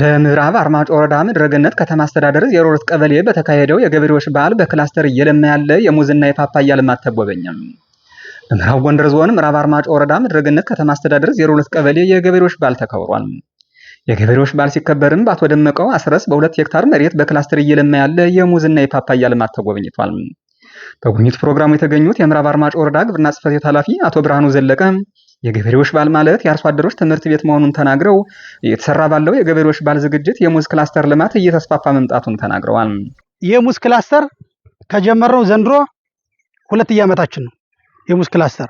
በምዕራብ አርማጮ ወረዳ ምድረ ከተማ አስተዳደር የሮረት ቀበሌ በተካሄደው የገበሬዎች በዓል በክላስተር እየለማ ያለ የሙዝና የፓፓያ ልማት ተጎበኘም። በምዕራብ ጎንደር ዞን ምዕራብ አርማጮ ወረዳ ምድረ ከተማ አስተዳደር የሮረት ቀበሌ የገበሬዎች በዓል ተከብሯል። የገበሬዎች በዓል ሲከበርም በአቶ ደመቀው አስረስ በሁለት ሄክታር መሬት በክላስተር እየለማ ያለ የሙዝና የፓፓያ ልማት ተጎብኝቷል። በጉብኝት ፕሮግራሙ የተገኙት የምዕራብ አርማጮ ወረዳ ግብርና ጽሕፈት ቤት ኃላፊ አቶ ብርሃኑ ዘለቀ የገበሬዎች ባል ማለት የአርሶ አደሮች ትምህርት ቤት መሆኑን ተናግረው የተሰራ ባለው የገበሬዎች ባል ዝግጅት የሙዝ ክላስተር ልማት እየተስፋፋ መምጣቱን ተናግረዋል። የሙዝ ክላስተር ከጀመርነው ዘንድሮ ሁለተኛ ዓመታችን ነው። የሙዝ ክላስተር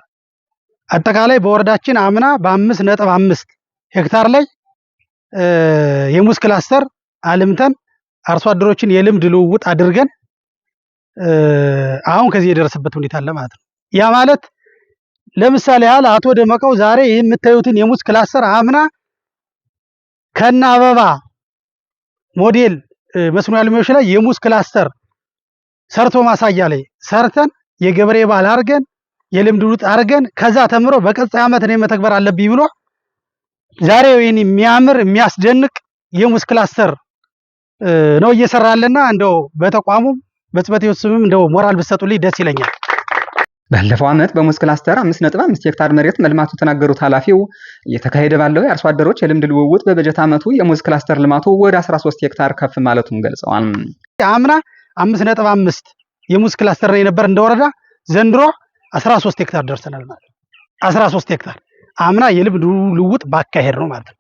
አጠቃላይ በወረዳችን አምና በአምስት ነጥብ አምስት ሄክታር ላይ የሙዝ ክላስተር አልምተን አርሶ አደሮችን የልምድ ልውውጥ አድርገን አሁን ከዚህ የደረሰበት ሁኔታ አለ ማለት ነው ያ ማለት ለምሳሌ ያህል አቶ ደመቀው ዛሬ የምታዩትን የሙዝ ክላስተር አምና ከነ አበባ ሞዴል መስኖ ያልሚዎች ላይ የሙዝ ክላስተር ሰርቶ ማሳያ ላይ ሰርተን የገበሬ በዓል አድርገን የልምድ ውጥ አድርገን ከዛ ተምሮ በቀጣይ ዓመት ነው መተግበር አለብኝ ብሎ ዛሬ ይህን የሚያምር የሚያስደንቅ የሙዝ ክላስተር ነው እየሰራለና እንደው በተቋሙም በጽበት ስምም እንደው ሞራል ብትሰጡልኝ ደስ ይለኛል። ባለፈው ዓመት በሙዝ ክላስተር 5.5 ሄክታር መሬት መልማቱ የተናገሩት ኃላፊው እየተካሄደ ባለው የአርሶ አደሮች የልምድ ልውውጥ በበጀት ዓመቱ የሙዝ ክላስተር ልማቱ ወደ 13 ሄክታር ከፍ ማለቱን ገልጸዋል። አምና 5.5 የሙዝ ክላስተር ነው የነበር እንደወረዳ ዘንድሮ 13 ሄክታር ደርሰናል ማለት ነው። 13 ሄክታር አምና የልምድ ልውውጥ ባካሄድ ነው ማለት ነው።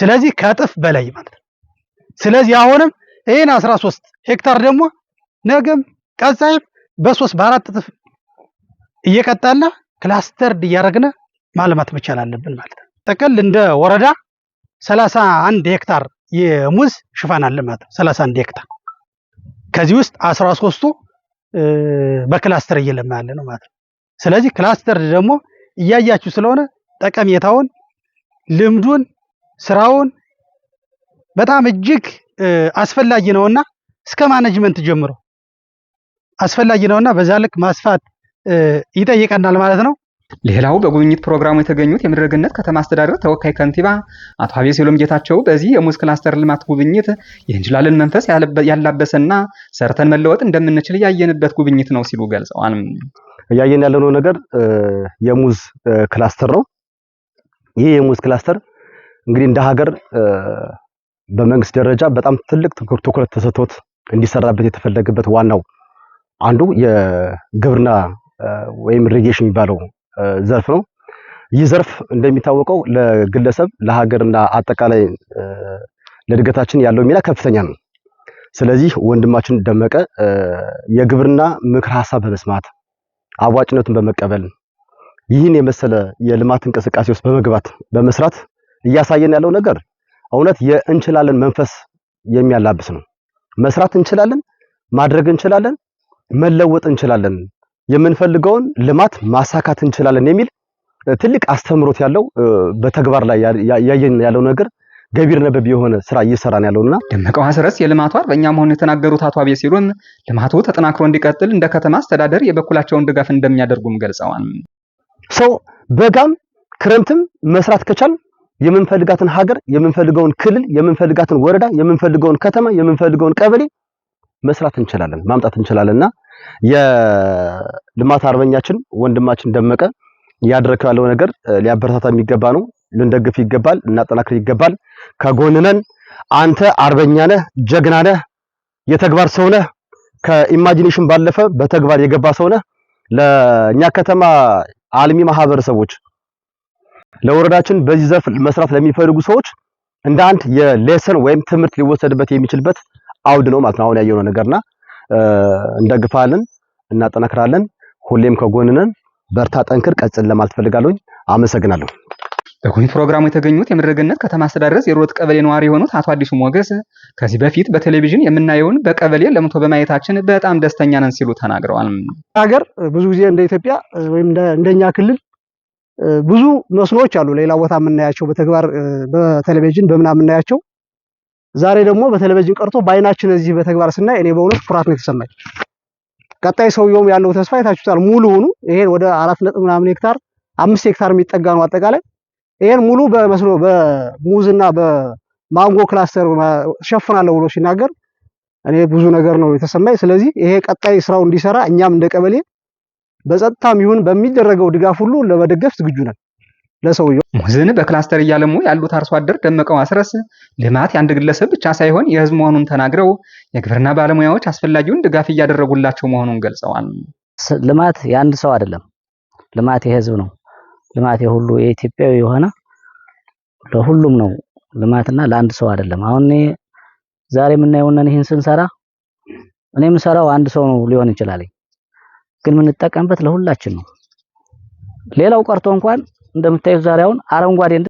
ስለዚህ ከእጥፍ በላይ ማለት ነው። ስለዚህ አሁንም ይህን 13 ሄክታር ደግሞ ነገም ቀጻይም በሶስት በአራት እጥፍ እየቀጣና ክላስተርድ እያደረግነ ማልማት መቻል አለብን ማለት ነው። ጥቅል እንደ ወረዳ 31 ሄክታር የሙዝ ሽፋን አለ ማለት ነው። 31 ሄክታር ከዚህ ውስጥ 13ቱ በክላስተር እየለማ ያለ ነው ማለት ነው። ስለዚህ ክላስተርድ ደግሞ እያያችሁ ስለሆነ ጠቀሜታውን፣ ልምዱን፣ ስራውን በጣም እጅግ አስፈላጊ ነውና እስከ ማኔጅመንት ጀምሮ አስፈላጊ ነውና በዛ ልክ ማስፋት ይጠይቀናል ማለት ነው። ሌላው በጉብኝት ፕሮግራሙ የተገኙት የምድረግነት ከተማ አስተዳደር ተወካይ ከንቲባ አቶ ሲሎም ጌታቸው በዚህ የሙዝ ክላስተር ልማት ጉብኝት የእንችላለን መንፈስ ያላበሰና ሰርተን መለወጥ እንደምንችል እያየንበት ጉብኝት ነው ሲሉ ገልጸዋል። እያየን ያለነው ነገር የሙዝ ክላስተር ነው። ይህ የሙዝ ክላስተር እንግዲህ እንደ ሀገር በመንግስት ደረጃ በጣም ትልቅ ትኩረት ተሰጥቶት እንዲሰራበት የተፈለገበት ዋናው አንዱ የግብርና ወይም ሪጌሽን የሚባለው ዘርፍ ነው። ይህ ዘርፍ እንደሚታወቀው ለግለሰብ ለሀገርና አጠቃላይ ለእድገታችን ያለው ሚና ከፍተኛ ነው። ስለዚህ ወንድማችን ደመቀ የግብርና ምክር ሀሳብ በመስማት አዋጭነቱን በመቀበል ይህን የመሰለ የልማት እንቅስቃሴ ውስጥ በመግባት በመስራት እያሳየን ያለው ነገር እውነት የእንችላለን መንፈስ የሚያላብስ ነው። መስራት እንችላለን፣ ማድረግ እንችላለን፣ መለወጥ እንችላለን የምንፈልገውን ልማት ማሳካት እንችላለን የሚል ትልቅ አስተምሮት ያለው በተግባር ላይ ያየን ያለው ነገር ገቢር ነበብ የሆነ ስራ እየሰራን ያለውና ደመቀ ሀሰረስ የልማቱ አርበኛ መሆኑን የተናገሩት አቶ አቤ ሲሉም ልማቱ ተጠናክሮ እንዲቀጥል እንደ ከተማ አስተዳደር የበኩላቸውን ድጋፍ እንደሚያደርጉም ገልጸዋል። ሰው በጋም ክረምትም መስራት ከቻል የምንፈልጋትን ሀገር፣ የምንፈልገውን ክልል፣ የምንፈልጋትን ወረዳ፣ የምንፈልገውን ከተማ፣ የምንፈልገውን ቀበሌ መስራት እንችላለን፣ ማምጣት እንችላለንና የልማት አርበኛችን ወንድማችን ደመቀ ያደረከው ያለው ነገር ሊያበረታታ የሚገባ ነው። ልንደግፍ ይገባል፣ ልናጠናክር ይገባል። ከጎንነን አንተ አርበኛ ነህ፣ ጀግና ነህ፣ የተግባር ሰው ነህ፣ ከኢማጂኔሽን ባለፈ በተግባር የገባ ሰው ነህ። ለእኛ ከተማ አልሚ ማህበረሰቦች፣ ለወረዳችን በዚህ ዘርፍ መስራት ለሚፈልጉ ሰዎች እንደ አንድ የሌሰን ወይም ትምህርት ሊወሰድበት የሚችልበት አውድ ነው ማለት ነው። አሁን ያየነው ነገርና እንደግፋለን፣ እናጠናክራለን፣ ሁሌም ከጎንነን። በርታ፣ ጠንክር፣ ቀጽል ለማለት ፈልጋለሁኝ። አመሰግናለሁ። በጉብኝ ፕሮግራሙ የተገኙት የምድረ ገነት ከተማ አስተዳደር የሮት ቀበሌ ነዋሪ የሆኑት አቶ አዲሱ ሞገስ ከዚህ በፊት በቴሌቪዥን የምናየውን በቀበሌ ለምቶ በማየታችን በጣም ደስተኛ ነን ሲሉ ተናግረዋል። ሀገር ብዙ ጊዜ እንደ ኢትዮጵያ ወይም እንደኛ ክልል ብዙ መስኖዎች አሉ። ሌላ ቦታ የምናያቸው በተግባር በቴሌቪዥን በምናምን የምናያቸው ዛሬ ደግሞ በቴሌቪዥን ቀርቶ በአይናችን እዚህ በተግባር ስናይ እኔ በእውነት ኩራት ነው የተሰማኝ። ቀጣይ ሰውየውም ያለው ተስፋ ይታችሁታል። ሙሉ ሆኑ ይሄን ወደ አራት ነጥብ ምናምን ሄክታር አምስት ሄክታር የሚጠጋ ነው አጠቃላይ ይሄን ሙሉ በመስኖ በሙዝና በማንጎ ክላስተር ሸፍናለሁ ብሎ ሲናገር እኔ ብዙ ነገር ነው የተሰማኝ። ስለዚህ ይሄ ቀጣይ ስራው እንዲሰራ እኛም እንደ ቀበሌ በጸጥታም ይሁን በሚደረገው ድጋፍ ሁሉ ለመደገፍ ዝግጁ ነን። ለሰውየው ሙዝን በክላስተር እያለሙ ያሉት አርሶ አደር ደመቀ ማስረስ ልማት የአንድ ግለሰብ ብቻ ሳይሆን የህዝብ መሆኑን ተናግረው የግብርና ባለሙያዎች አስፈላጊውን ድጋፍ እያደረጉላቸው መሆኑን ገልጸዋል። ልማት የአንድ ሰው አይደለም፣ ልማት የህዝብ ነው። ልማት የሁሉ የኢትዮጵያዊ የሆነ ለሁሉም ነው። ልማትና ለአንድ ሰው አይደለም። አሁን ዛሬ የምናየውነን ይህን ስንሰራ እኔ የምሰራው አንድ ሰው ነው ሊሆን ይችላል፣ ግን የምንጠቀምበት ለሁላችን ነው። ሌላው ቀርቶ እንኳን እንደምታዩት ዛሬ አሁን አረንጓዴ